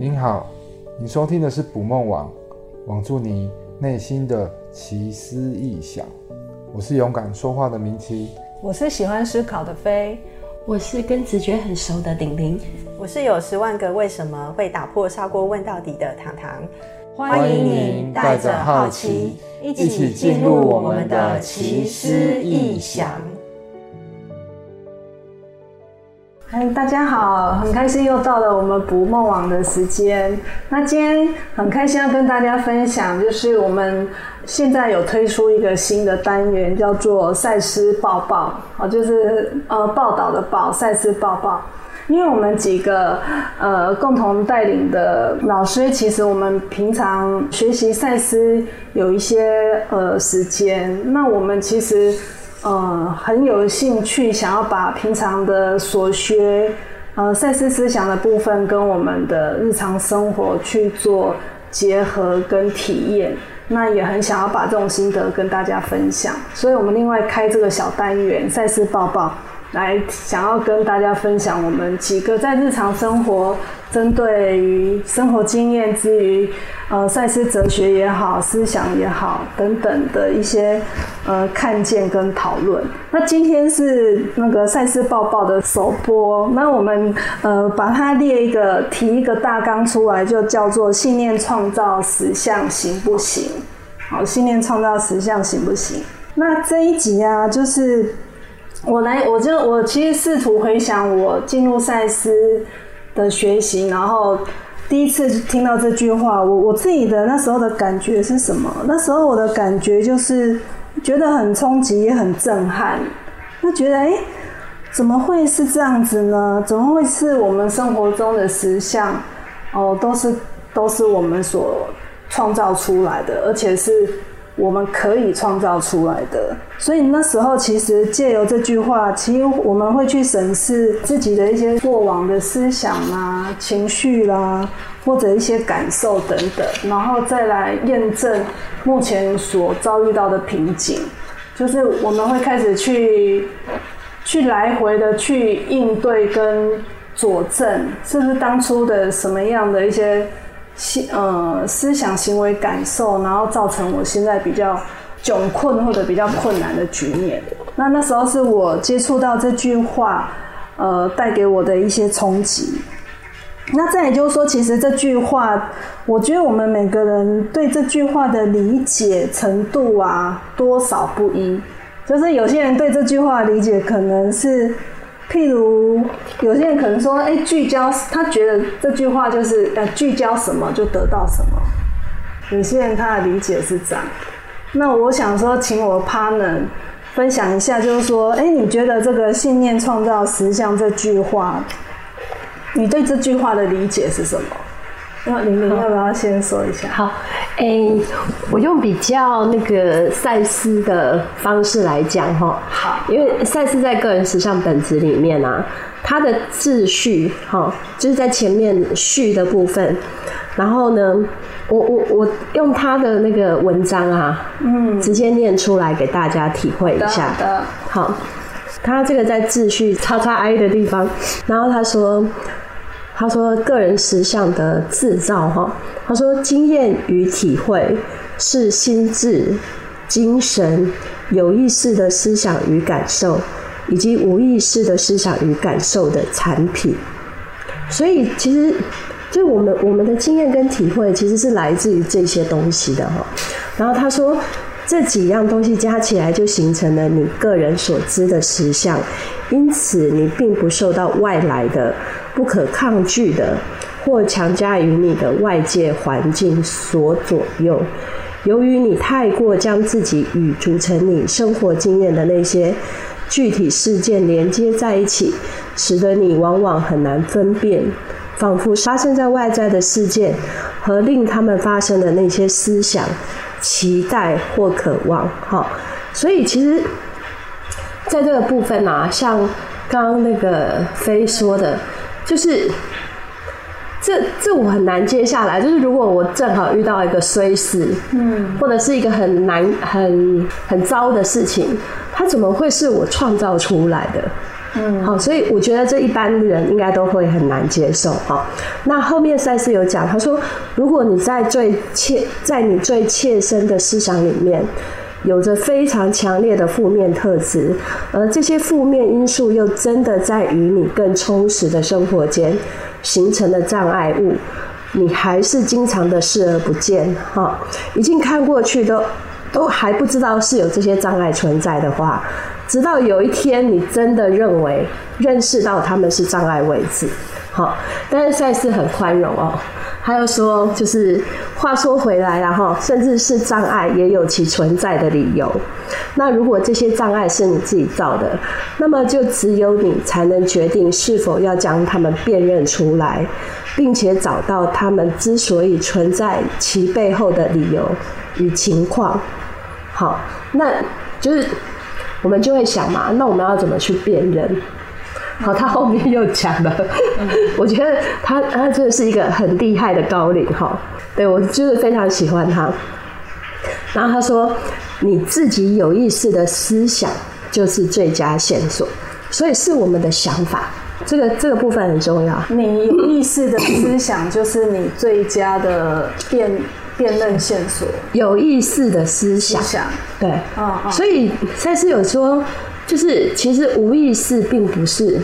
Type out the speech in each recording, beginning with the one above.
您好，您收聽的是《捕夢網》，網住你內心的奇思異想。我是勇敢說話的明琪，我是喜歡思考的飛，我是跟直覺很熟的頂頂，我是有十萬個為什麼會打破砂鍋問到底的糖糖。歡迎您帶着好奇，一起進入我們的奇思異想。哎，hey, 大家好，很開心又到了我們捕夢網的時間。那今天很開心要跟大家分享，就是我們現在有推出一個新的單元，叫做賽斯報報啊，就是呃報道的報，賽斯報報。因為我們幾個呃共同帶領的老師，其實我們平常學習賽斯有一些呃時間，那我們其實。呃、嗯，很有興趣，想要把平常的所學，呃，賽斯思想的部分跟我們的日常生活去做結合跟體驗，那也很想要把這種心得跟大家分享。所以我們另外開這個小單元，賽斯報報。來，想要跟大家分享我們幾個在日常生活，針對於生活經驗之餘，呃，賽斯哲學也好，思想也好等等的一些呃看見跟討論。那今天是那個賽斯報報的首播，那我們呃把它列一個提一個大綱出來，就叫做“信念創造實相，行不行”？好，信念創造實相，行不行？那這一集啊，就是。我來，我就我其實試圖回想我進入賽斯的學習，然後第一次聽到這句話，我我自己的那時候的感覺是什麼？那時候我的感覺就是覺得很衝擊，也很震撼，就覺得哎、欸，怎麼會是這樣子呢？怎麼會是我們生活中的實相？哦，都是都是我們所創造出來的，而且是。我們可以創造出來的，所以那時候其實借由這句話，其實我們會去審視自己的一些過往的思想啦、啊、情緒啦，或者一些感受等等，然後再來驗證目前所遭遇到的瓶頸，就是我們會開始去去來回的去應對跟佐證，是不是當初的什麼樣的一些。呃，思想、行為、感受，然後造成我現在比較窘困，或者比較困難的局面。那那時候是我接觸到這句話，呃，帶給我的一些衝擊。那再也就是說，其實這句話，我覺得我們每個人對這句話的理解程度啊，多少不一。就是有些人對這句話的理解，可能是。譬如有些人可能說：“哎、欸，聚焦，他覺得這句話就是要聚焦什麼就得到什麼。”有些人他的理解是這樣。那我想說，請我 partner 分享一下，就是說：“哎、欸，你覺得這個信念創造實相這句話，你對這句話的理解是什麼？”那玲玲要不要先說一下？好。哎、欸，我用比較那個賽斯的方式來講哈，好，因為賽斯在個人實相的本質裡面啊，他的自序哈，就是在前面序的部分，然後呢，我我我用他的那個文章啊，嗯，直接念出來給大家體會一下，好的、嗯，好，他這個在自序叉叉 I 的地方，然後他說。他說：“個人實相的製造，哈，他說經驗與體會是心智、精神、有意識的思想與感受，以及無意識的思想與感受的產品。所以，其實，就我們我們的經驗跟體會其實是來自於這些東西的，哈。然後他說。”這幾樣東西加起來，就形成了你個人所知的實相。因此，你並不受到外來的、不可抗拒的或強加於你的外界環境所左右。由於你太過將自己與組成你生活經驗的那些具體事件連接在一起，使得你往往很難分辨，仿佛發生在外在的事件和令他們發生的那些思想。期待或渴望，哈、哦，所以其實，在這個部分啊，像剛剛那個飛說的，就是這這我很難接下來，就是如果我正好遇到一個衰事，嗯，或者是一個很難、很很糟的事情，它怎麼會是我創造出來的？嗯，好， 所以我覺得這一般的人應該都會很難接受哈、喔。那後面賽斯有講，他說，如果你在最切，在你最切身的思想裡面，有着非常強烈的負面特質，而這些負面因素又真的在於你更充實的生活間形成的障礙物，你還是經常的視而不見哈、喔，已經看過去都都還不知道是有這些障礙存在的話。直到有一天，你真的認為認識到他們是障礙為止。好，但是賽斯很寬容哦、喔。還有說，就是話說回來，了，哈，甚至是障礙也有其存在的理由。那如果這些障礙是你自己造的，那麼就只有你才能決定是否要將他們辨認出來，並且找到他們之所以存在其背後的理由與情況。好，那就是。我們就會想嘛，那我們要怎麼去辨認？好，他後面又講了，我覺得他他真的是一個很厲害的高靈哈，對，我就是非常喜歡他。然後他說，你自己有意識的思想就是最佳線索，所以是我們的想法，這個這個部分很重要。你有意識的思想就是你最佳的辨。辨認線索，有意識的思想，思想 對，所以賽斯有說，就是其實無意識並不是。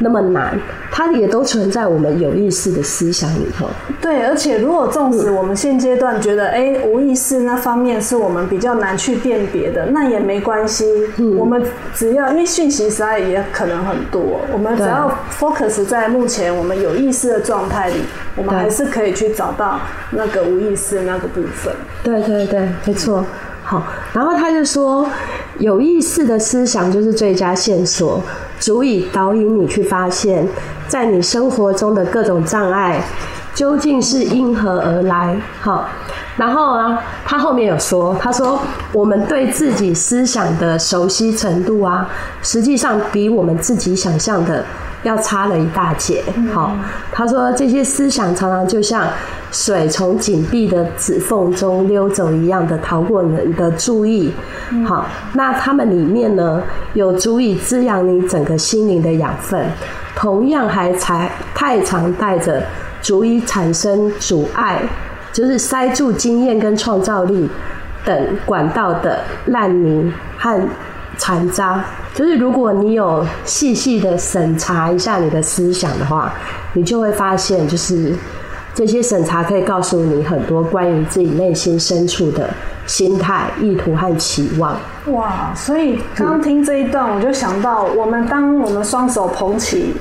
那麼難，它也都存在我們有意識的思想裡頭。對，而且如果縱使我們現階段覺得，哎、嗯欸，無意識那方面是我們比較難去辨別的，那也沒關係。嗯、我們只要因為訊息實在也可能很多，我們只要 focus 在目前我們有意識的狀態裡，我們還是可以去找到那個無意識的那個部分。對對對，沒錯。嗯、好，然後他就說，有意識的思想就是最佳線索。足以導引你去發現，在你生活中的各種障礙，究竟是因何而來？好，然後啊，他後面有說，他說我們對自己思想的熟悉程度啊，實際上比我們自己想象的要差了一大截。好，他說這些思想常常就像。水從緊閉的指縫中溜走一樣的逃過你的注意。好，嗯、那它們裡面呢，有足以滋養你整個心靈的養分，同樣還才太常帶着足以產生阻礙，就是塞住經驗跟創造力等管道、的爛泥和殘渣。就是如果你有細細的審查一下你的思想的話，你就會發現就是。這些審查可以告訴你很多關於自己內心深處的心態、意圖和期望。哇，所以剛聽這一段，嗯、我就想到，我們當我們雙手捧起、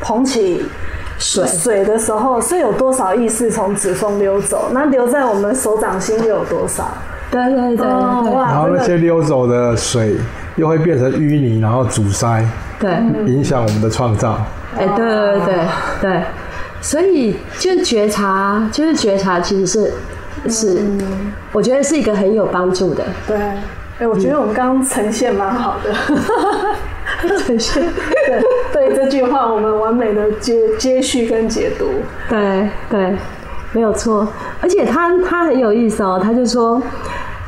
捧起水水，水的時候，是有多少意識從指縫溜走？那留在我們手掌心又有多少？對對對、哦，然後那些溜走的水，又會變成淤泥，然後阻塞，對，嗯、影響我們的創造。哎、哦，欸，對對對對。所以，就覺察，就是覺察，其實是、嗯、是，我覺得是一個很有幫助的。對、欸，我覺得我們剛剛呈現蠻好的， 呈現。對對， 對，對，這句話我們完美的接接續跟解讀。對對，沒有錯。而且他他很有意思哦，他就說，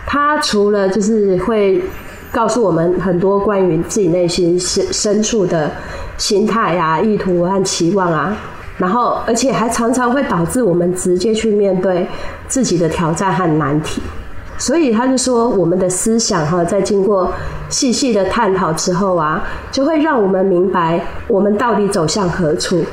他除了就是會告訴我們很多關於自己內心深深處的心態啊、意圖和期望啊。然後，而且還常常會導致我們直接去面對自己的挑戰和難題，所以他就說，我們的思想哈、啊，在經過細細的探討之後啊，就會讓我們明白我們到底走向何處。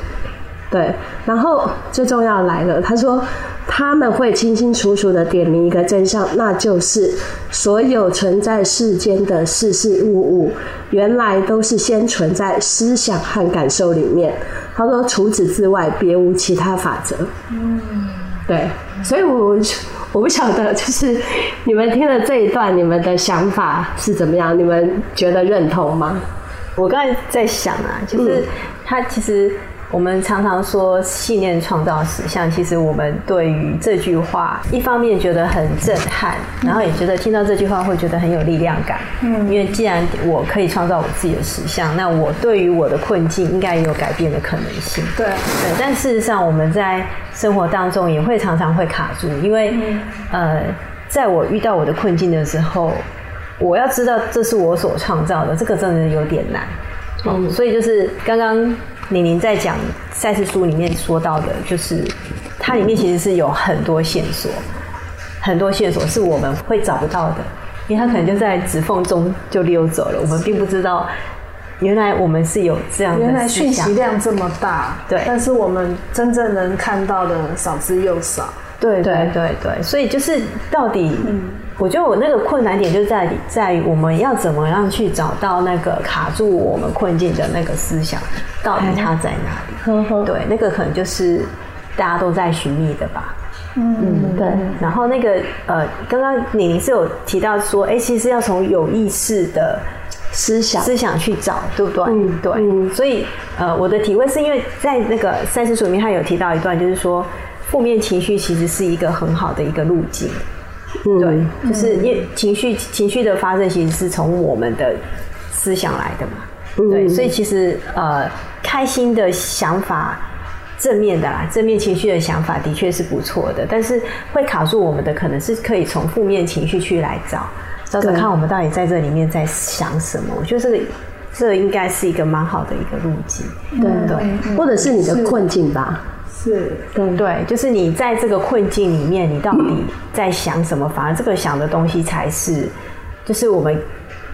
對，然後最重要來了，他說他們會清清楚楚的點明一個真相，那就是所有存在世間的事事物物，原來都是先存在思想和感受裡面。他說：“除此之外，別無其他法則。”嗯，對，所以我，我我不曉得，就是你們聽了這一段，你們的想法是怎麼樣？你們覺得認同嗎？我剛才在想啊，就是他其實。我們常常說信念創造實相，其實我們對於這句話，一方面覺得很震撼，然後也覺得聽到這句話會覺得很有力量感。嗯，因為既然我可以創造我自己的實相，那我對於我的困境應該也有改變的可能性。對，對，對。但事實上，我們在生活當中也會常常會卡住，因為、嗯、呃，在我遇到我的困境的時候，我要知道這是我所創造的，這個真的有點難。嗯，所以就是剛剛。李玲在講賽斯書裡面說到的，就是它裡面其實是有很多線索，很多線索是我們會找不到的，因為它可能就在指縫中就溜走了，我們並不知道。原來我們是有這樣的，原來訊息量這麼大，對。但是我們真正能看到的少之又少，對對對對，所以就是到底。嗯我覺得我那個困難點就在於、在於我們要怎麼樣去找到那個卡住我們困境的那個思想，到底它在哪裡？對，那個可能就是大家都在尋覓的吧。嗯，對。然後那個呃，剛剛你是有提到說，哎，其實要從有意識的思想思想，去找，對不對？嗯，對。所以呃，我的體會是因為在那個賽斯書裡面，他有提到一段，就是說負面情緒其實是一個很好的一個路徑。嗯、對，就是因為情緒、嗯、情緒的發生，其實是從我們的思想來的嘛。嗯、對，所以其實呃，開心的想法正面的啦，正面的正面情緒的想法的確是不錯的，但是會卡住我們的，可能是可以從負面情緒去來找，找找看我們到底在這裡面在想什麼。對我覺得這這應該是一個蠻好的一個路徑，對、嗯、對，嗯、對或者是你的困境吧。是，嗯，對，就是你在這個困境裡面，你到底在想什麼？反而這個想的東西才是，就是我們，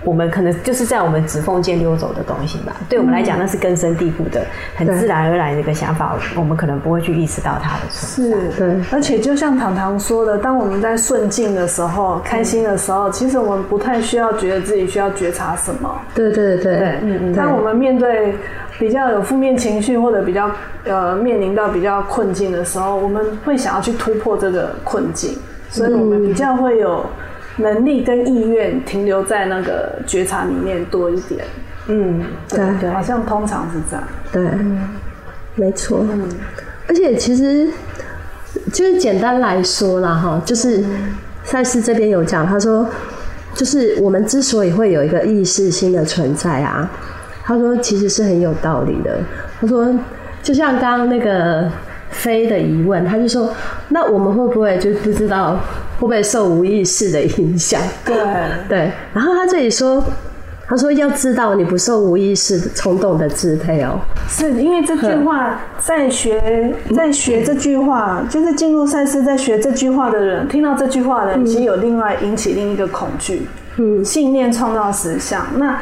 我們可能就是在我們指縫間溜走的東西吧。對我們來講，那是根深蒂固的，很自然而然的一個想法，對我們可能不會去意識到它的錯。是，對。而且就像糖糖說的，當我們在順境的時候，是開心的時候，嗯、其實我們不太需要覺得自己需要覺察什麼。對，對對對。嗯對嗯。嗯對當我們面對。比較有負面情緒，或者比較呃面臨到比較困境的時候，我們會想要去突破這個困境，所以我們比較會有能力跟意願停留在那個覺察裡面多一點。嗯，對，對，對好像通常是這樣。對，沒錯。嗯。而且其實就是簡單來說啦，哈，就是賽斯、嗯、這邊有講，他說，就是我們之所以會有一個意識心的存在啊。他說：“其實是很有道理的。”他說：“就像剛剛那個飛的疑問，他就說：‘那我們會不會就不知道會不會受無意識的影響？’對對。然後他這裡說：‘他說要知道你不受無意識的衝動的支配哦。’是因為這句話在學在學這句話，就是進入賽斯，在學這句話的人，聽到這句話的人，其實有另外引起另一個恐懼。嗯，信念創造實相。那。”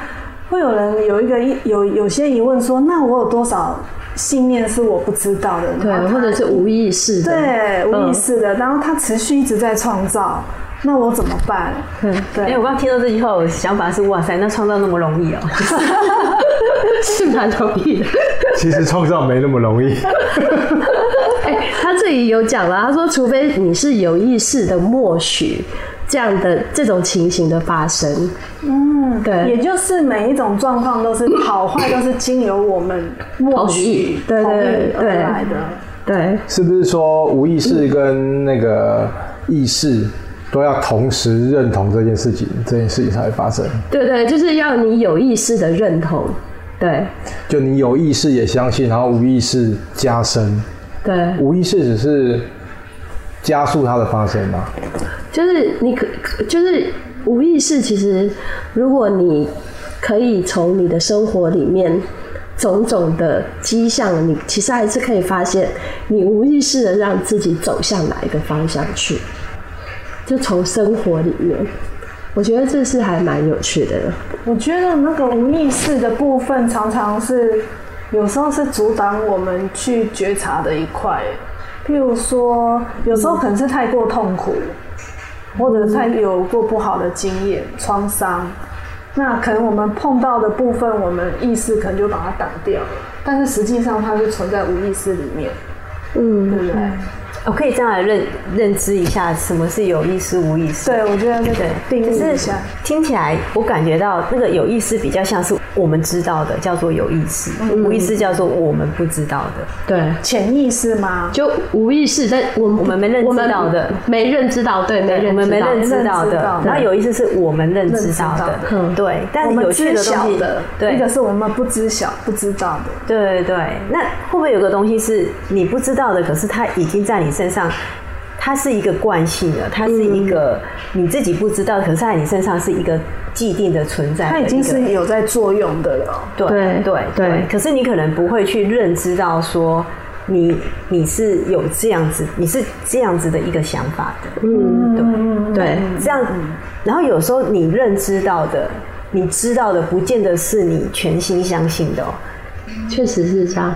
會有人有一個有有些疑問說：“那我有多少信念是我不知道的？對，或者是無意識的？對，無意識的。嗯、然後他持續一直在創造，那我怎麼辦？”嗯、對。因為、欸、我剛聽到這句話，我想法是：哇塞，那創造那麼容易哦， 是蠻容易的。其實創造沒那麼容易。哎、 欸，他這裡有講了，他說：除非你是有意識的默許。這樣的這種情形的發生，嗯，對，也就是每一種狀況都是好壞、嗯、都是經由我們默許對對對來的，對，對是不是說無意識跟那個意識、嗯、都要同時認同這件事情，這件事情才會發生？對，對對，就是要你有意識的認同，對，就你有意識也相信，然後無意識加深，對，無意識只是加速它的發生嘛、啊。就是你可就是無意識，其實如果你可以從你的生活裡面種種的跡象，你其實還是可以發現你無意識的讓自己走向哪一個方向去，就從生活裡面，我覺得這是還蠻有趣的的。我覺得那個無意識的部分，常常是有時候是阻擋我們去覺察的一塊，譬如說有時候可能是太過痛苦。或者他有過不好的經驗創傷，那可能我們碰到的部分，我們意識可能就把它擋掉，但是實際上它是存在無意識裡面，嗯，對不對？嗯，我可以這樣來認認知一下，什麼是有意識、無意識？對，我覺得這個，可是想，聽起來我感覺到那個有意識比較像是。我們知道的叫做有意識，無意識叫做我們不知道的。對，潛意識嗎？就無意識，但我們我們沒認知到的，沒認知到。對，沒我們沒認知到的。然後有意識是我們認知到的。嗯，對，但我們知曉的那個是我們不知曉、不知道的。對對對。那會不會有個東西是你不知道的，可是它已經在你身上？它是一個慣性了，它是一個你自己不知道，可是在你身上是一個既定的存在。它已經是有在作用的了。對，對對對。可是你可能不會去認知到，說你你是有這樣子，你是這樣子的一個想法的。嗯，對對。這樣，然後有時候你認知到的，你知道的，不見得是你全心相信的。確實是這樣。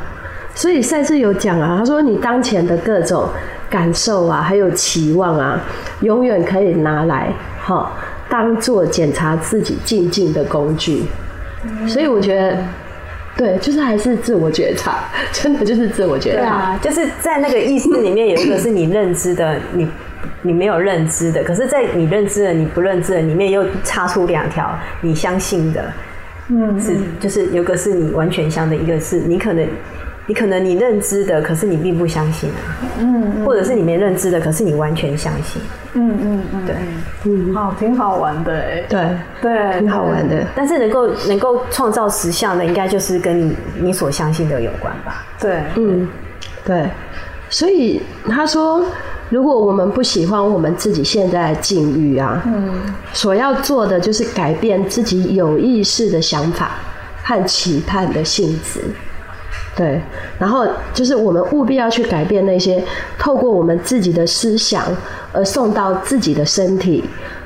所以賽斯有講啊，他說你當前的各種。感受啊，還有期望啊，永遠可以拿來哈，當做檢查自己靜靜的工具。Mm hmm. 所以我覺得，對，就是還是自我覺察，真的就是自我覺察。對啊，就是在那個意識裡面，有一個是你認知的， 你你沒有認知的，可是在你認知的、你不認知的裡面，又插出兩條你相信的，嗯、mm，hmm. 是就是有一個是你完全相信，一個是你可能。你可能你認知的，可是你並不相信嗯、啊、或者是你沒認知的，可是你完全相信，嗯嗯、對、嗯，對，嗯，好，挺好玩的，對對對，對挺好玩的。但是能夠能夠創造實相的，應該就是跟你，你所相信的有關吧？對，嗯，對、嗯，所以他說，如果我們不喜歡我們自己現在的境遇啊，嗯，所要做的就是改變自己有意識的想法和期盼的性質。對，然後就是我們務必要去改變那些透過我們自己的思想而送到自己的身體、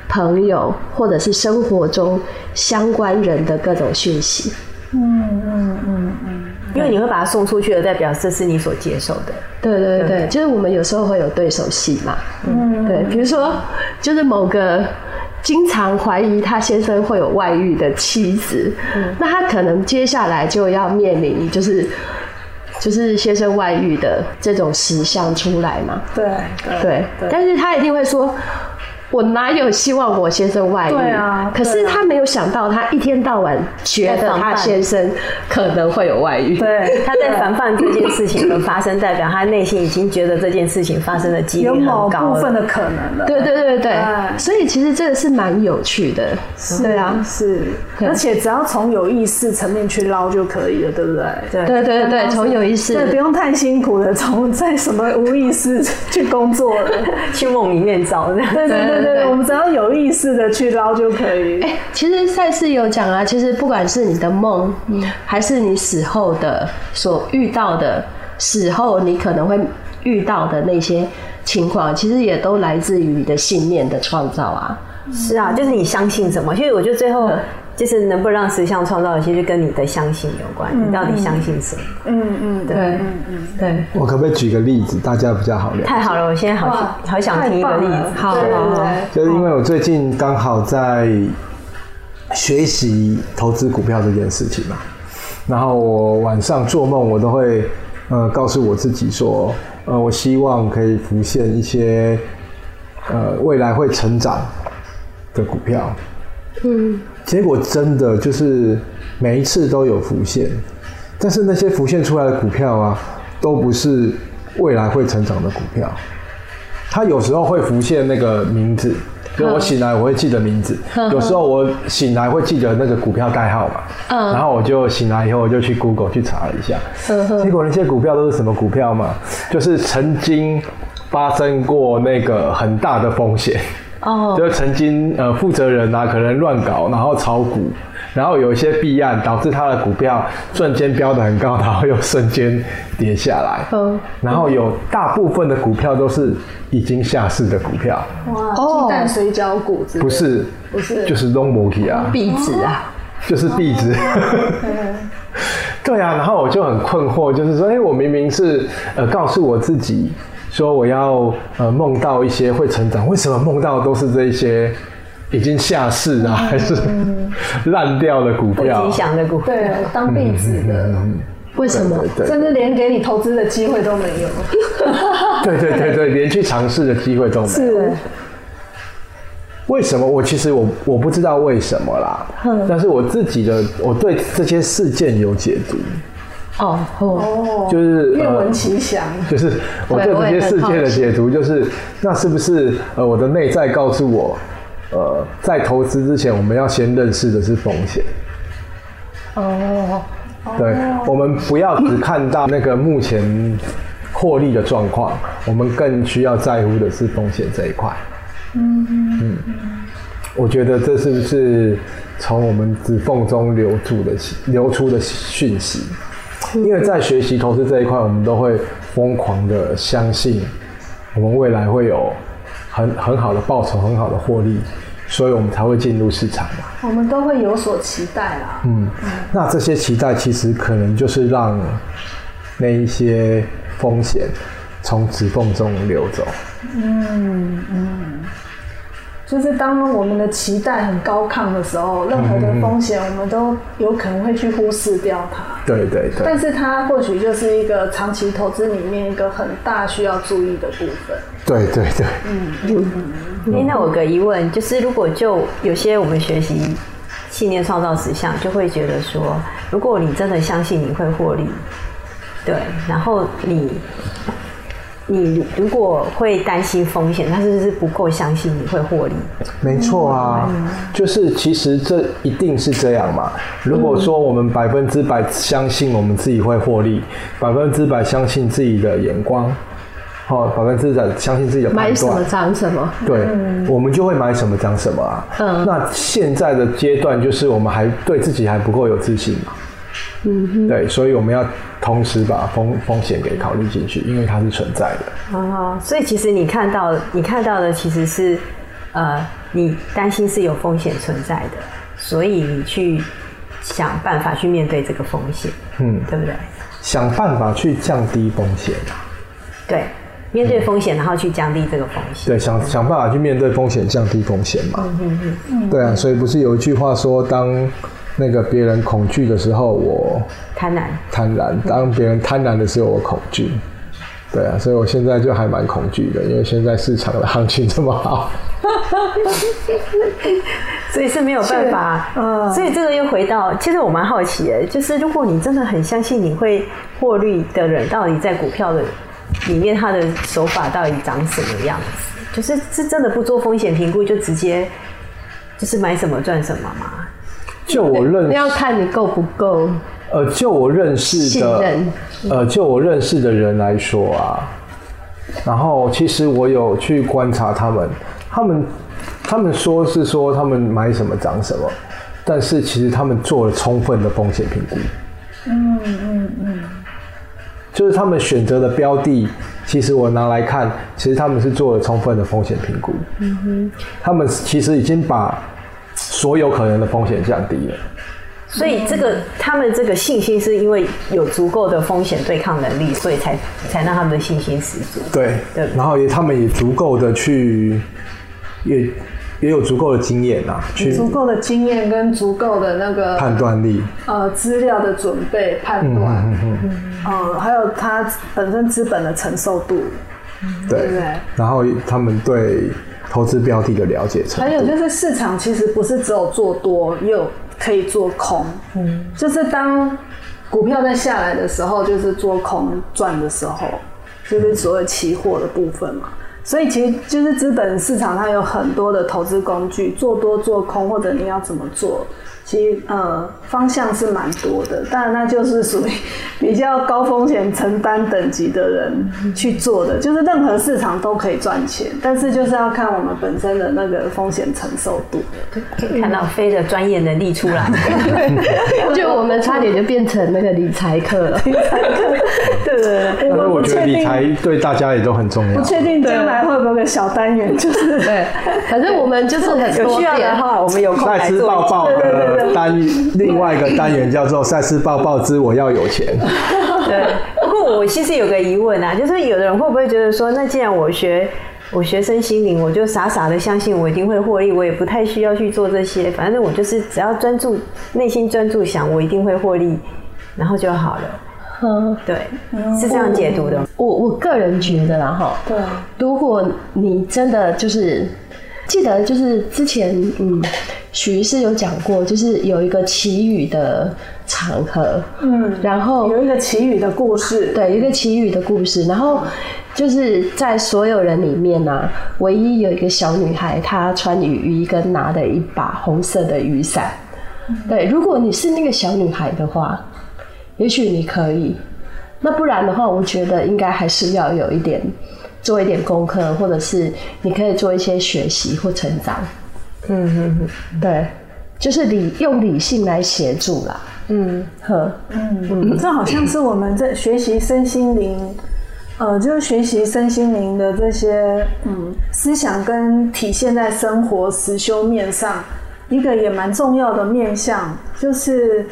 朋友或者是生活中相關人的各種訊息。嗯嗯嗯嗯。嗯嗯嗯因為你會把它送出去的，代表這是你所接受的。對對對，對對，就是我們有時候會有對手戲嘛。嗯。對，比如說，就是某個經常懷疑他先生會有外遇的妻子，嗯、那他可能接下來就要面臨就是。就是先生外遇的這種實相出來嘛對？對對，對，但是他一定會說。我哪有希望我先生外遇？對啊，可是他沒有想到，他一天到晚覺得、啊啊啊、他先生可能會有外遇。對，他在防範這件事情的發生，代表他內心已經覺得這件事情發生的幾率很高了，有某部分的可能了。對對對對，對對對對，所以其實這個是蠻有趣的。對啊，是，是，而且只要從有意識層面去撈就可以了，對不對？對對對對，從有意識，對，不用太辛苦的，從在什麼無意識去工作、 去夢裡面找這樣子。對對對對，對對對，我們只要有意識的去撈就可以。欸、其實賽斯有講啊，其實不管是你的夢，嗯、還是你死後的所遇到的，死後你可能會遇到的那些情況，其實也都來自於你的信念的創造啊。嗯、是啊，就是你相信什麼。所以我覺得最後、嗯。就是能不能讓實相創造，些實跟你的相信有關。你到底相信什麼嗯？嗯嗯，嗯，嗯，對嗯，嗯，對，嗯嗯對。我可不可以舉個例子，大家比較好聊？太好了，我現在好哇好想聽一個例子。好，對對對，就是因為我最近剛好在學習投資股票這件事情嘛，然後我晚上做夢，我都會、呃、告訴我自己說、呃，我希望可以浮現一些、呃、未來會成長的股票。嗯。結果真的就是每一次都有浮現，但是那些浮現出來的股票啊，都不是未來會成長的股票。它有時候會浮現那個名字，就我醒來我會記得名字。呵呵有時候我醒來會記得那個股票代號嘛，嗯、然後我就醒來以後我就去 Google 去查了一下，呵呵結果那些股票都是什麼股票嘛？就是曾經發生過那個很大的風險。哦，就曾經呃負責人啊，可能亂搞，然後炒股，然後有一些弊案，導致他的股票瞬間飆得很高，然後又瞬間跌下來。嗯，然後有大部分的股票都是已經下市的股票。哇，雞蛋、哦、水餃股子？不是，不是，不是就是都沒了啊，嗯、壁紙啊，啊就是壁紙。嗯， 對啊，然後我就很困惑，就是說，哎、欸，我明明是、呃、告訴我自己。說我要呃夢到一些會成長，為什麼夢到都是這一些已經下市啊，嗯、還是爛掉了股票？不理想的股票，對，當壁紙。嗯嗯、為什麼？甚至連給你投資的機會都沒有。 對對對對，連去嘗試的機會都沒有。是。為什麼？我其實我我不知道為什麼啦。嗯、但是我自己的我對這些事件有解讀。哦、oh, oh. 就是願聞其詳。就是我對這些事件的解讀，就是那是不是呃，我的內在告訴我，呃、uh,，在投資之前，我們要先認識的是風險。哦，oh. oh. 對，oh. 我們不要只看到那個目前獲利的狀況，嗯、我們更需要在乎的是風險這一塊。嗯、mm hmm. 嗯，我覺得這是不是從我們指縫中流出的流出的訊息？因為在學習投資這一塊，我們都會瘋狂的相信，我們未來會有很很好的報酬、很好的獲利，所以我們才會進入市場嘛。我們都會有所期待啦。嗯。嗯，那這些期待其實可能就是讓那一些風險從指縫中流走。嗯嗯。就是當我們的期待很高亢的時候，任何的風險我們都有可能會去忽視掉它。對對對，但是它或許就是一個長期投資裡面一個很大需要注意的部分。對對對，嗯。那、嗯嗯、我有個疑問就是，如果就有些我們學習信念創造實相，就會覺得說，如果你真的相信你會獲利，對，然後你。你如果會擔心風險，但是不是不夠相信你會獲利？沒錯啊，嗯，就是其實這一定是這樣嘛。如果說我們百分之百相信我們自己會獲利，百分之百相信自己的眼光，百分之百相信自己的買什麼漲什麼，對，我們就會買什麼漲什麼啊。嗯，那現在的階段就是我們還對自己還不夠有自信嘛。嗯，Mm-hmm. 對，所以我們要同時把風風險給考慮進去，因為它是存在的。哦、Uh-huh. 所以其實你看到，你看到的其實是，呃，你擔心是有風險存在的，所以你去想辦法去面對這個風險。嗯，對不對？想辦法去降低風險。對，面對風險，然後去降低這個風險。嗯、對，想想辦法去面對風險，降低風險嘛。嗯嗯嗯。Hmm. 對啊，所以不是有一句話說當那個別人恐懼的時候，我貪婪；貪婪，當別人貪婪的時候，我恐懼。對啊，所以我現在就還蠻恐懼的，因為現在市場的行情這麼好， 所以是沒有辦法，所以這個又回到，其實我蠻好奇哎，就是如果你真的很相信你會獲利的人，到底在股票的裡面，他的手法到底長什麼樣子？就是是真的不做風險評估，就直接就是買什麼賺什麼嘛就我認，那要看你夠不夠。呃，就我認識的人，呃，就我認識的人來說啊，然後其實我有去觀察他們，他們他們說是說他們買什麼漲什麼，但是其實他們做了充分的風險評估。嗯嗯嗯。就是他們選擇的標的，其實我拿來看，其實他們是做了充分的風險評估。嗯哼，他們其實已經把。所有可能的風險降低了，所以這個他們這個信心是因為有足夠的風險對抗能力，所以才才讓他們的信心十足。對，對，然後也他們也足夠的去，也也有足夠的經驗啊，去足夠的經驗跟足夠的那個判斷力，呃，資料的準備、判斷，嗯，還有他本身資本的承受度，嗯、哼對，對，然後他們對。投資標的的了解，還有就是市場其實不是只有做多，也有可以做空。嗯，就是當股票在下來的時候，就是做空賺的時候，就是所謂期貨的部分嘛。嗯，所以其實就是資本市場它有很多的投資工具，做多、做空，或者你要怎麼做。其實呃，方向是蠻多的，但那就是屬於比較高風險承擔等級的人去做的，就是任何市場都可以賺錢，但是就是要看我們本身的那個風險承受度。對、嗯，可以看到飛的專業能力出來了，就我們差點就變成那個理財課了， 理財課。對對對，因為我覺得理財對大家也都很重要，不確定將來會不會個小單元，就是對， 對。反正我們就是、啊、有需要，點哈。我們有賽斯報報的單，對對對對，另外一個單元叫做賽斯報報之我要有錢。對，不過我其實有個疑問啊，就是有的人會不會覺得說，那既然我學我學身心靈，我就傻傻的相信我一定會獲利，我也不太需要去做這些，反正我就是只要專注內心專注想，我一定會獲利，然後就好了。對，是這樣解讀的。我我，我個人覺得然後對，如果你真的就是。記得就是之前，嗯，許醫師有講過，就是有一個祈雨的場合，嗯，然後有一個祈雨的故事，對，一個祈雨的故事，然後就是在所有人裡面呢、啊，唯一有一個小女孩，她穿雨衣跟拿了一把紅色的雨傘，對，如果你是那個小女孩的話，也許你可以，那不然的話，我覺得應該還是要有一點。做一點功課，或者是你可以做一些學習或成長。嗯嗯對，就是理用理性來協助啦。嗯，呵，嗯嗯，嗯這好像是我們在學習身心靈，嗯、呃，就是學習身心靈的這些嗯思想跟體現在生活實修面上、嗯、一個也蠻重要的面向，就是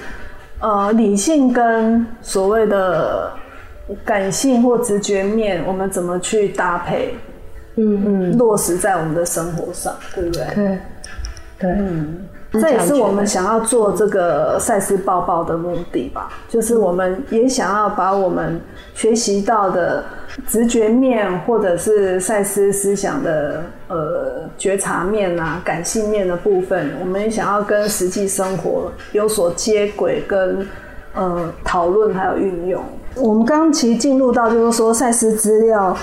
呃理性跟所謂的。感性或直覺面，我們怎麼去搭配嗯？嗯嗯，落實在我們的生活上，對不、嗯、對？對，對，嗯，嗯這也是我們想要做這個賽斯報報的目的吧。嗯、就是我們也想要把我們學習到的直覺面，或者是賽斯思想的呃覺察面啊、感性面的部分，我們也想要跟實際生活有所接軌，跟呃討論還有運用。我們剛剛其實進入到就是說賽斯資料，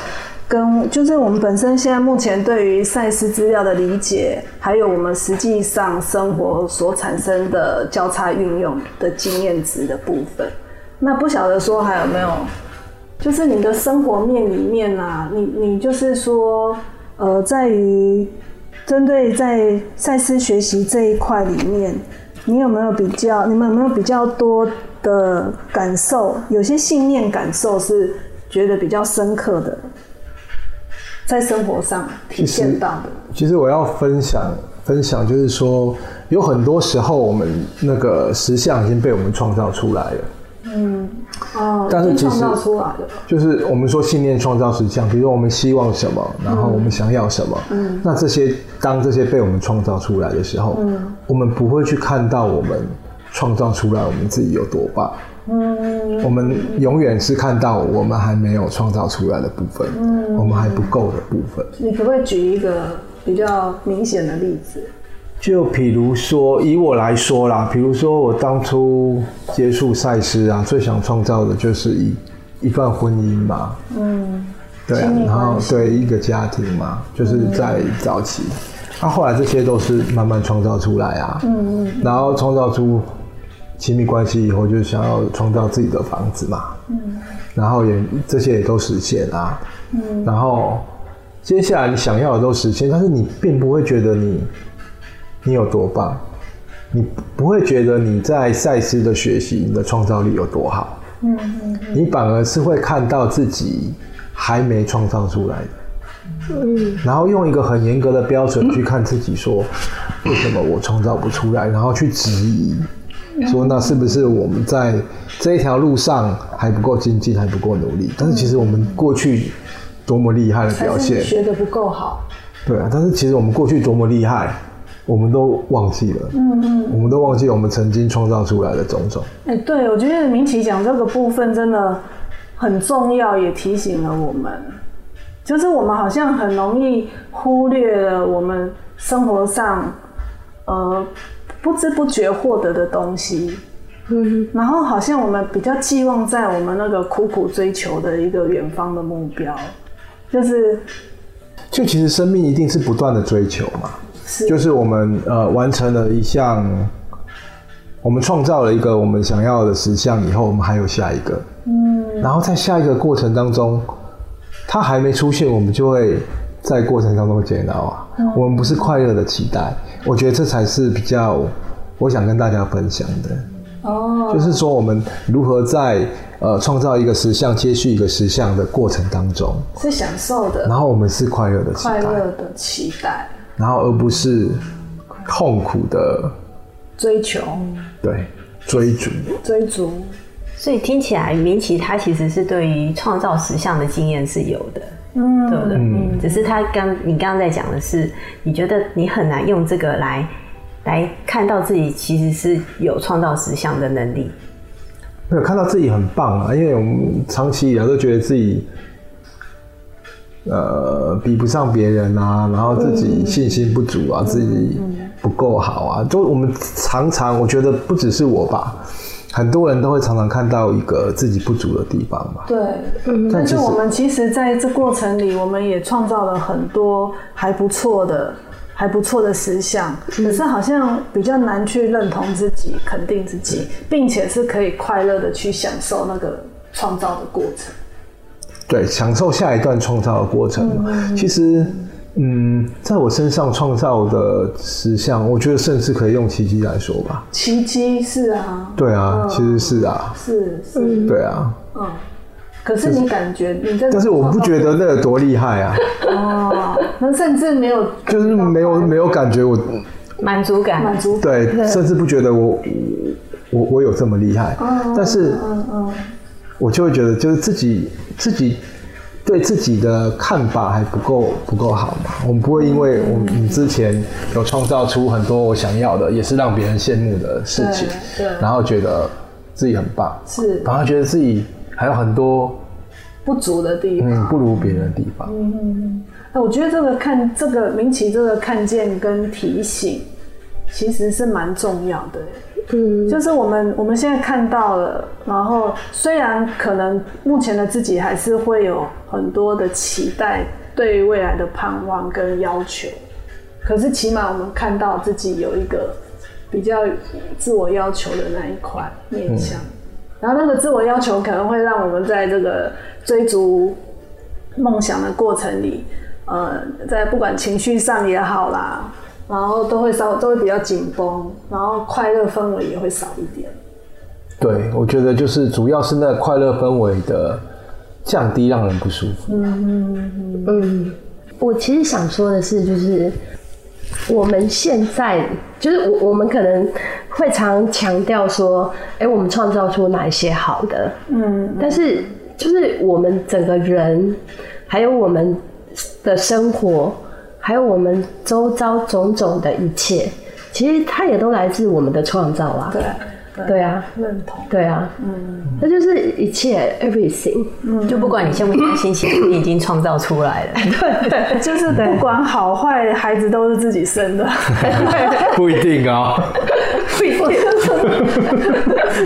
跟就是我們本身現在目前對於賽斯資料的理解，還有我們實際上生活所產生的交叉運用的經驗值的部分。那不曉得說還有沒有，就是你的生活面裡面啊，你你就是說，呃，在於針對在賽斯學習這一塊裡面，你有沒有比較，你們有沒有比較多？的感受，有些信念感受是覺得比較深刻的，在生活上體現到的。其實，其實我要分享分享，就是說，有很多時候我們那個實相已經被我們創造出來了。嗯，哦，但是被創造出來了，就是我們說信念創造實相，比如說我們希望什麼，然後我們想要什麼，嗯，那這些當這些被我們創造出來的時候，嗯，我們不會去看到我們。創造出來，我們自己有多棒？嗯，我們永遠是看到我們還沒有創造出來的部分，我們還不夠的部分。你可不可以舉一個比較明顯的例子？就比如說，以我來說啦，比如說我當初接觸賽斯啊，最想創造的就是一一段婚姻嘛，嗯，對啊，然後對一個家庭嘛，就是在早期啊，那後來這些都是慢慢創造出來啊，嗯嗯，然後創造出。親密關係以後就想要創造自己的房子嘛，嗯，然後也這些也都實現啊。嗯，然後接下來你想要的都實現，但是你並不會覺得你你有多棒，你不會覺得你在賽斯的學習你的創造力有多好，嗯，你反而是會看到自己還沒創造出來，嗯，然後用一個很嚴格的標準去看自己，說為什麼我創造不出來，然後去質疑。說那是不是我們在這一條路上還不夠精進，還不夠努力？但是其實我們過去多麼厲害的表現，學得不夠好。對啊，但是其實我們過去多麼厲害，我們都忘記了。嗯嗯哼，我們都忘記了我們曾經創造出來的種種。哎、欸，對，我覺得明啟講這個部分真的很重要，也提醒了我們，就是我們好像很容易忽略了我們生活上，呃。不知不覺獲得的東西，嗯，然後好像我們比較寄望在我們那個苦苦追求的一個遠方的目標，就是，就其實生命一定是不斷的追求嘛，就是我們呃完成了一項，我們創造了一個我們想要的實相以後，我們還有下一個，嗯，然後在下一個過程當中，它還沒出現，我們就會。在過程當中煎熬啊，我們不是快樂的期待，我覺得這才是比較，我想跟大家分享的哦，就是說我們如何在呃創造一個實相、接續一個實相的過程當中是享受的，然後我們是快樂的，快樂的期待，然後而不是痛苦的追求，對，追逐追逐，所以聽起來明奇他其實是對於創造實相的經驗是有的。對的，嗯、只是他剛你剛剛在講的是，你覺得你很難用這個來來看到自己，其實是有創造實相的能力，沒有看到自己很棒啊，因為我們長期以來都覺得自己，呃，比不上別人啊，然後自己信心不足啊，嗯、自己不夠好啊，嗯嗯、就我們常常我覺得不只是我吧。很多人都會常常看到一個自己不足的地方嘛。對，嗯、但是我們其實在這過程裡，我們也創造了很多還不錯的、還不錯的思想，嗯、可是好像比較難去認同自己、肯定自己，並且是可以快樂的去享受那個創造的過程。對，享受下一段創造的過程，嗯、其實。嗯，在我身上創造的實相，我覺得甚至可以用奇蹟來說吧。奇蹟是啊，對啊，其實是啊，是是，對啊，嗯。可是你感覺你這，但是我不覺得那有多厲害啊。哦，那甚至沒有，就是沒有沒有感覺我滿足感滿足感，對，甚至不覺得我我我有這麼厲害。但是嗯嗯，我就會覺得就是自己自己。對自己的看法還不夠不夠好嘛？我們不會因為我們之前有創造出很多我想要的，也是讓別人羨慕的事情，對對，然後覺得自己很棒，是，然後覺得自己還有很多不足的地方，嗯、不如別人的地方。嗯嗯嗯。那我覺得這個看這個明奇這個看見跟提醒，其實是蠻重要的。嗯，就是我們我們現在看到了，然後雖然可能目前的自己還是會有很多的期待、對未來的盼望跟要求，可是起碼我們看到自己有一個比較自我要求的那一塊面向，嗯、然後那個自我要求可能會讓我們在這個追逐夢想的過程裡，呃，在不管情緒上也好啦。然後都會稍都會比較緊繃，然後快樂氛圍也會少一點。對，我覺得就是主要是那快樂氛圍的降低讓人不舒服。嗯嗯嗯，嗯。我其實想說的是，就是我們現在就是我我們可能會常強調說，哎、欸，我們創造出哪一些好的？嗯。嗯，但是就是我們整個人還有我們的生活。還有我們周遭種種的一切，其實它也都來自我們的創造啊。對對啊，認同。對啊，嗯，那就是一切 everything，、嗯、就不管你相不相信，其實已經創造出來了。嗯、 對就是不管好壞，對對孩子都是自己生的。 不一定啊、喔，不一定。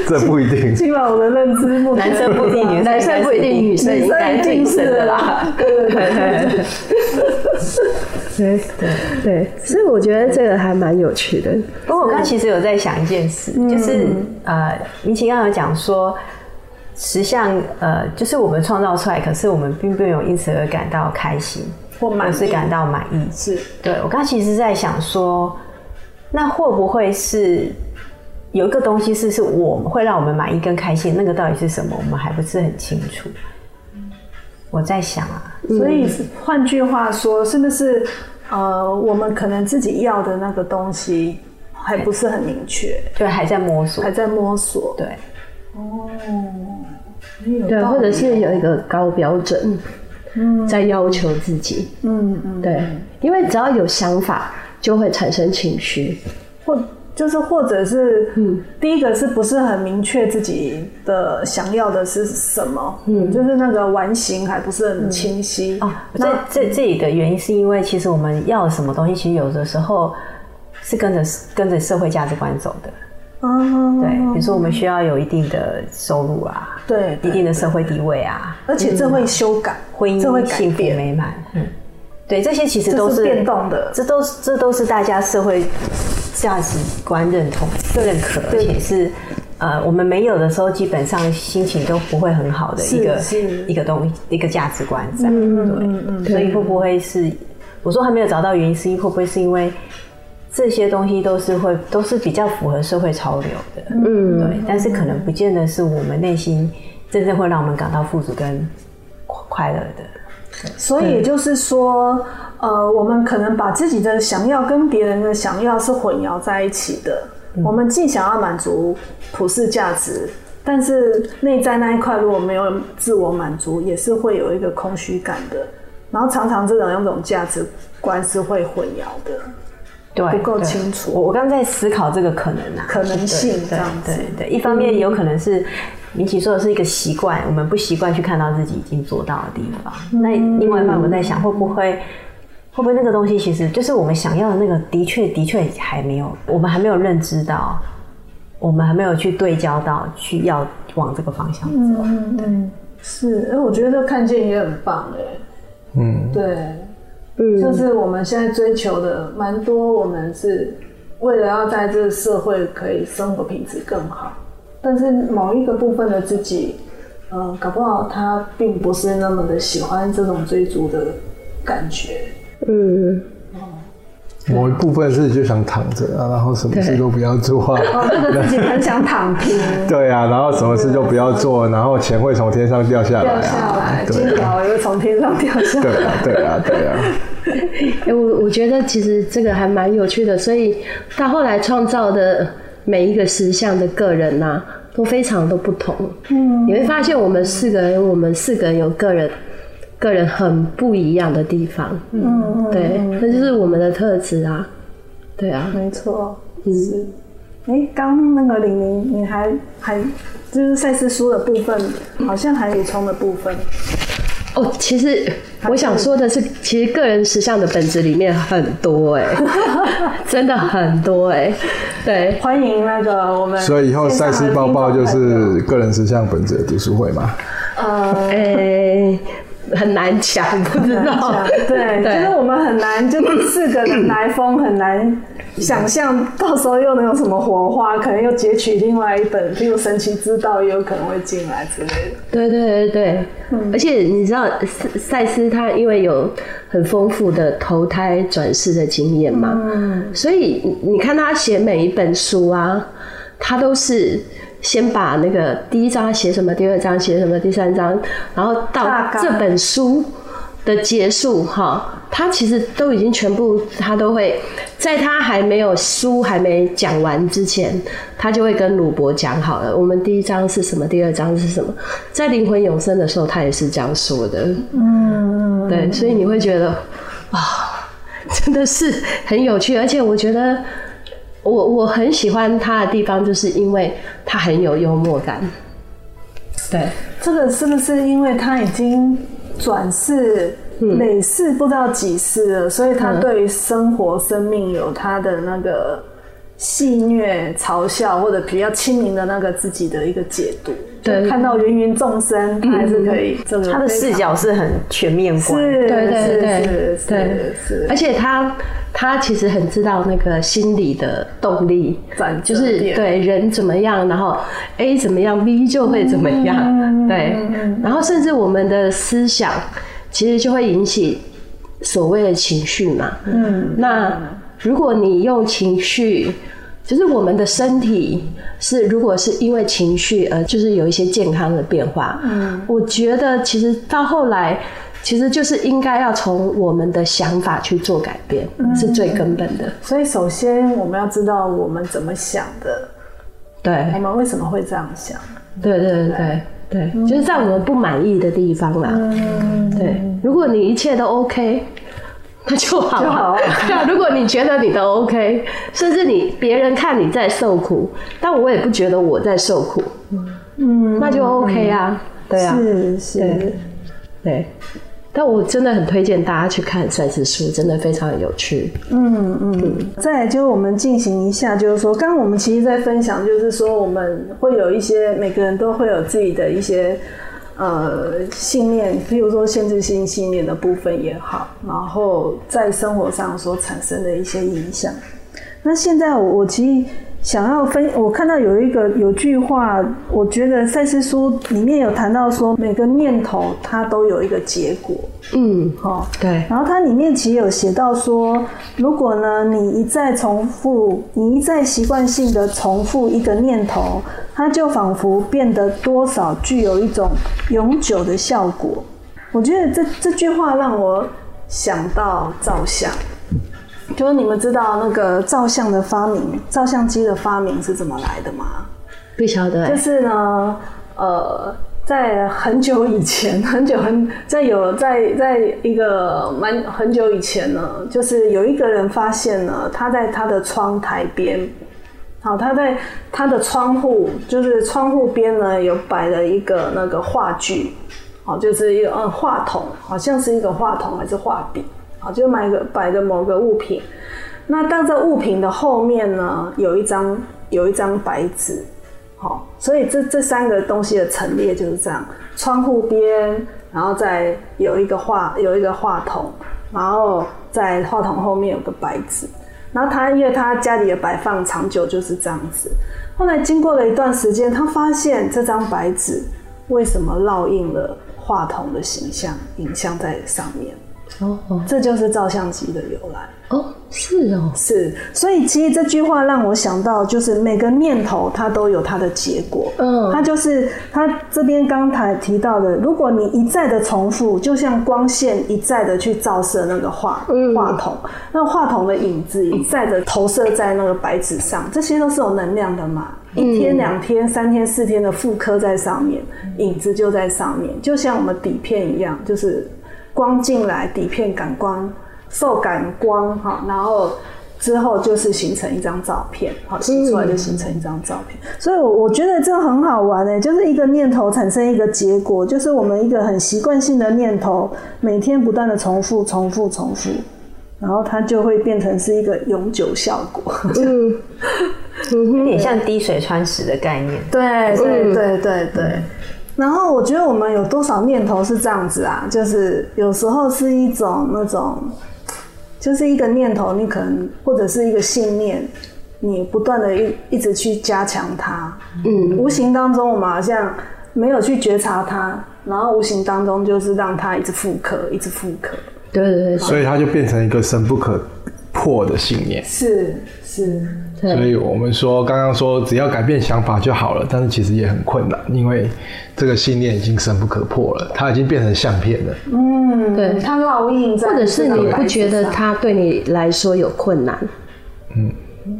這不一定。起碼我的認知目標，男生不一定，男生不一定，女生應該是的啦。對，對對對。 對對對，所以我覺得這個還蠻有趣的。不過我剛其實有在想一件事，是就是呃，你剛剛有講說，實相呃，就是我們創造出來，可是我們並沒有因此而感到開心或滿是感到滿意。是，對我剛才其實在想說，那會不會是有一個東西是是，我們會讓我們滿意跟開心？那個到底是什麼？我們還不是很清楚。我在想啊。所以，換句話說，是不是呃，我們可能自己要的那個東西還不是很明確，對，還在摸索，還在摸索，對，哦，對，或者是有一個高標準，嗯，在要求自己，嗯嗯，嗯對，因為只要有想法，就會產生情緒，或。就是，或者是，嗯，第一個是不是很明確自己的想要的是什麼？嗯，就是那個完形還不是很清晰。哦，那這這裡的原因是因為，其實我們要什麼東西，其實有的時候是跟着跟着社會價值觀走的。嗯，對，比如說我們需要有一定的收入啊，對，一定的社會地位啊，而且這會修改婚姻、這會改變美滿，嗯，對，這些其實都是變動的，這都是這都是大家社會。價值觀認同、認可，對而且是，呃，我們沒有的時候，基本上心情都不會很好的一個一個東西，一個價值觀，在、嗯嗯嗯嗯。對。對所以會不會是？我說還沒有找到原因，是因為會不會是因為這些東西都是會都是比較符合社會潮流的，嗯，嗯，嗯，對。但是可能不見得是我們內心真正會讓我們感到富足跟快樂的。所以也就是說，對呃，我們可能把自己的想要跟別人的想要是混淆在一起的。嗯、我們既想要滿足普世價值，但是內在那一塊如果沒有自我滿足，也是會有一個空虛感的。然後常常這種用這種價值觀是會混淆的，對，不夠清楚。我剛在思考這個可能、啊、可能性這樣子對對對。對，一方面有可能是。嗯民企說的是一個習慣，我們不習慣去看到自己已經做到的地方。那另外一方面，我在想，會不會，會不會那個東西其實就是我們想要的那個？的確，的確還沒有，我們還沒有認知到，我們還沒有去對焦到，去要往這個方向走。嗯嗯，對 是，哎，我覺得看見也很棒耶。嗯，對，就是我們現在追求的蠻多，我們是為了要在這個社會可以生活品質更好。但是某一個部分的自己，呃，搞不好他並不是那麼的喜歡這種追逐的感覺。嗯，嗯對某一部分是就想躺着啊，然後什麼事都不要做，自己很想躺平。 對啊，然後什麼事都不要做，然後錢會從天、啊啊、天上掉下來。掉下來，金條也會從天上掉下來。對啊，對啊，對啊。 欸、我我覺得其實這個還蠻有趣的，所以他後來創造的。每一個實相的個人啊，都非常的不同。嗯，你會發現我們四個人，嗯、我們四個人有個人，個人很不一樣的地方。嗯，對，那就、嗯嗯、是我們的特質啊。對啊，沒錯錯，嗯、是。哎、欸，剛那個玲玲，你還還就是賽斯書的部分，好像還補充的部分。哦，其實我想說的是，其實個人實相的本質裡面很多哎，真的很多哎，對，歡迎那個我們個。所以以後賽斯報報就是個人實相本質的讀書會嗎呃，哎、嗯，欸，很難搶，難不知道。對，就是對我們很難，就四個來封很難。 想象到時候又能有什麼火花？可能又截取另外一本，比如《神奇之道》，也有可能會進來之類的。對對對對，嗯、而且你知道賽賽斯他因為有很豐富的投胎轉世的經驗嘛，嗯、所以你看他寫每一本書啊，他都是先把那個第一章寫什麼，第二章寫什麼，第三章，然後到這本書。的結束哈，他其實都已經全部，他都會在他還沒有書還沒講完之前，他就會跟魯伯講好了。我們第一章是什麼？第二章是什麼？在靈魂永生的時候，他也是這樣說的。嗯，對，所以你會覺得啊，真的是很有趣，而且我覺得我我很喜歡他的地方，就是因為他很有幽默感。對，這個是不是因為他已經？轉世，每世不知道幾世了，所以他對於生活、生命有他的那個。戲謔嘲笑或者比較清明的那個自己的一個解讀，對，看到芸芸眾生、嗯、還是可以，他的視角是很全面觀，對是對對對，而且他他其實很知道那個心理的動力，就是對人怎麼樣，然後 A 怎麼樣，B 就會怎麼樣，嗯、對，然後甚至我們的思想其實就會引起所謂的情緒嘛，嗯，那如果你用情緒。其實我們的身體是，如果是因為情緒，而就是有一些健康的變化。嗯，我覺得其實到後來，其實就是應該要從我們的想法去做改變，嗯、是最根本的。所以首先我們要知道我們怎麼想的，對，我們、哎、為什麼會這樣想？對對對對對，就是在我們不滿意的地方啦，嗯，對，如果你一切都 OK。那就好，就好，好啊。好好好 如果你覺得你都 OK，甚至你別人看你在受苦，但我也不覺得我在受苦，嗯，那就 OK 啊。嗯、對啊，是是對，對。但我真的很推薦大家去看《賽斯書》，真的非常有趣。嗯嗯。嗯對再來就我們進行一下，就是說，剛剛我們其實在分享，就是說我們會有一些每個人都會有自己的一些。呃，信念，比如說限制性信念的部分也好，然後在生活上所產生的一些影響。那現在我，我其實想要分，我看到有一個有句話，我覺得賽斯書裡面有談到說，每個念頭它都有一個結果。嗯，好，對。然後它裡面其實有寫到說，如果呢你一再重複，你一再習慣性的重複一個念頭。它就仿佛變得多少具有一種永久的效果。我覺得這這句話讓我想到照相，就是你們知道那個照相的發明、照相機的發明是怎麼來的嗎？不曉得。就是呢，呃，在很久以前，很久很在有在在一個蠻很久以前呢，就是有一個人發現了，他在他的窗台邊。好，他在他的窗戶就是窗戶邊呢，有擺了一個那個話具，哦，就是一個話筒，好像是一個話筒還是畫筆，好，就買個擺的某個物品。那但這物品的後面呢，有一張有一張白紙，好，所以這這三個東西的陳列就是這樣：窗戶邊，然後再有一個話有一個話筒，然後在話筒後面有個白紙。然後他，因為他家裡的擺放長久就是這樣子。後來經過了一段時間，他發現這張白紙為什麼烙印了話筒的形象，影像在上面？Oh, oh. 這就是照相機的由來哦，oh, 是哦，是，所以其實這句話讓我想到，就是每個念頭它都有它的結果，嗯，oh. 它就是它這邊剛才提到的，如果你一再的重複，就像光線一再的去照射那個話話筒，那話筒的影子一再的投射在那個白紙上，這些都是有能量的嘛，一天兩天三天四天的複刻在上面，嗯、影子就在上面，就像我們底片一樣，就是。光進來，底片感光，受感光哈，然後之後就是形成一張照片，好，洗出來就形成一張照片。嗯、所以，我我覺得這很好玩呢，就是一個念頭產生一個結果，就是我們一個很習慣性的念頭，每天不斷的重複，重複、重複、重複，然後它就會變成是一個永久效果，嗯、 有點像滴水穿石的概念。對，嗯、對，對，對，對、嗯，對，對。然後我覺得我們有多少念頭是這樣子啊？就是有時候是一種那種，就是一個念頭，你可能或者是一個信念，你不斷的一一直去加強它，嗯，無形當中我們好像沒有去覺察它，然後無形當中就是讓它一直复刻，一直復刻，對對對，對好，所以它就變成一個深不可破的信念，是是。是所以我們說，剛剛說只要改變想法就好了，但是其實也很困難，因為這個信念已經深不可破了，它已經變成相片了。嗯，對，它烙印在。或者是你不覺得它對你來說有困難？嗯，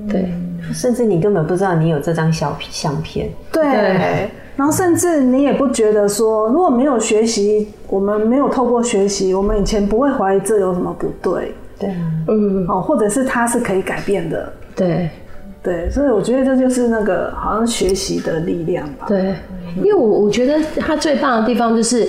對，甚至你根本不知道你有這張小相片。對，對，然後甚至你也不覺得說，如果沒有學習，我們沒有透過學習，我們以前不會懷疑這有什麼不對。對啊，嗯，哦，或者是它是可以改變的。對。對，所以我覺得這就是那個好像學習的力量吧。對，因為我我覺得他最棒的地方就是，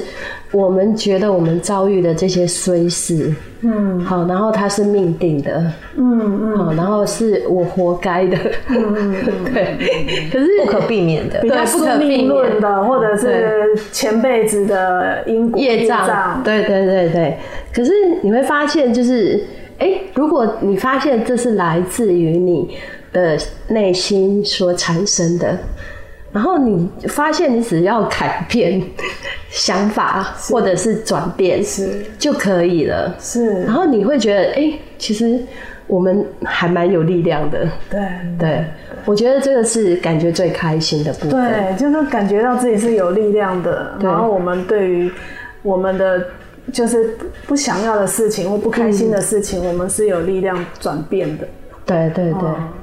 我們覺得我們遭遇的這些衰事，嗯，好，然後他是命定的，嗯嗯，嗯，好，然後是我活該的，嗯，對，嗯、可是不可避免的，對，不可避免的，或者是前輩子的因果業障，障對對對對。可是你會發現，就是，哎、欸，如果你發現這是來自於你的內心所產生的，然後你發現你只要改變想法或者是轉變是就可以了，是。是然後你會覺得，哎、欸，其實我們還蠻有力量的。對對，我覺得這個是感覺最開心的部分。對，就是感覺到自己是有力量的。然後我們對於我們的就是不想要的事情或不開心的事情，嗯、我們是有力量轉變的。對對對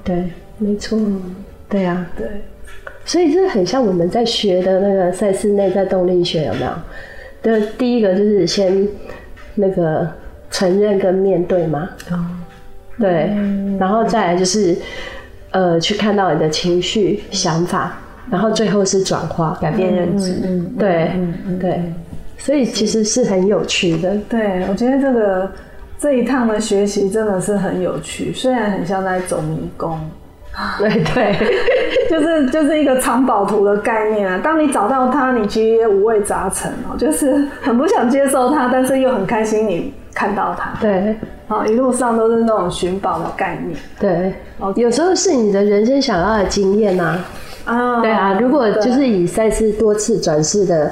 對，沒錯，對呀對，所以這很像我們在學的那個賽斯內在動力學有沒有？就第一個就是先那個承認跟面對嘛，對，然後再來就是呃去看到你的情緒想法，然後最後是轉化改變認知，對對，所以其實是很有趣的，對我覺得這個。這一趟的學習真的是很有趣，雖然很像在走迷宮，對對， 就是就是一個藏寶圖的概念啊。當你找到它，你其實也五味雜陳哦、喔，就是很不想接受它，但是又很開心你看到它。對，一路上都是那種尋寶的概念。對，Okay. 有時候是你的人生想要的經驗吶。啊，oh, 對啊，如果就是以賽斯多次轉世的。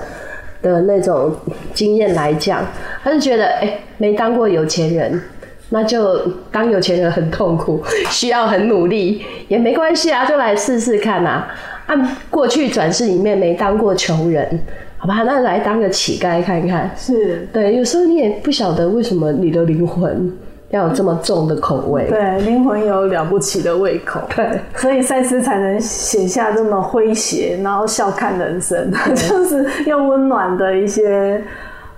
的那種經驗來講，他就覺得哎、欸，沒當過有錢人，那就當有錢人很痛苦，需要很努力，也沒關係啊，就來試試看啊。按過去轉世裡面沒當過窮人，好吧？那來當個乞丐看看。是，對，有時候你也不曉得為什麼你的靈魂，要有這麼重的口味，嗯、對靈魂有了不起的胃口，對，所以賽斯才能寫下這麼詼諧，然後笑看人生，對呵呵就是用溫暖的一些，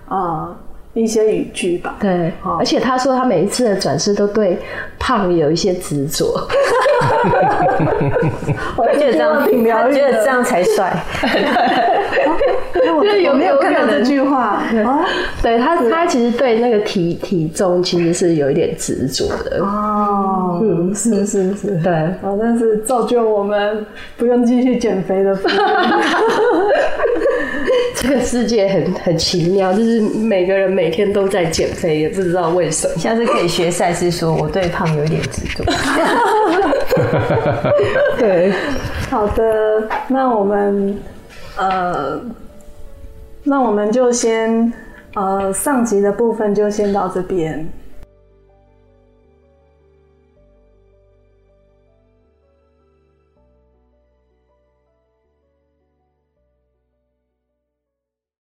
呃、嗯，一些語句吧。對，嗯、而且他說他每一次的轉世都對胖有一些執着， 我覺得這樣，我覺得這樣才帥。 對，我有沒有看到這句話？對，他他其實對那個體體重其實是有一點執着的哦，是是是，對，哦，但是造就我們不用繼續減肥的。這個世界很很奇妙，就是每個人每天都在減肥，也不知道為什麼。下次可以學賽斯說，我對胖有一點執着。對，好的，那我們呃。那我們就先，呃，上集的部分就先到這邊。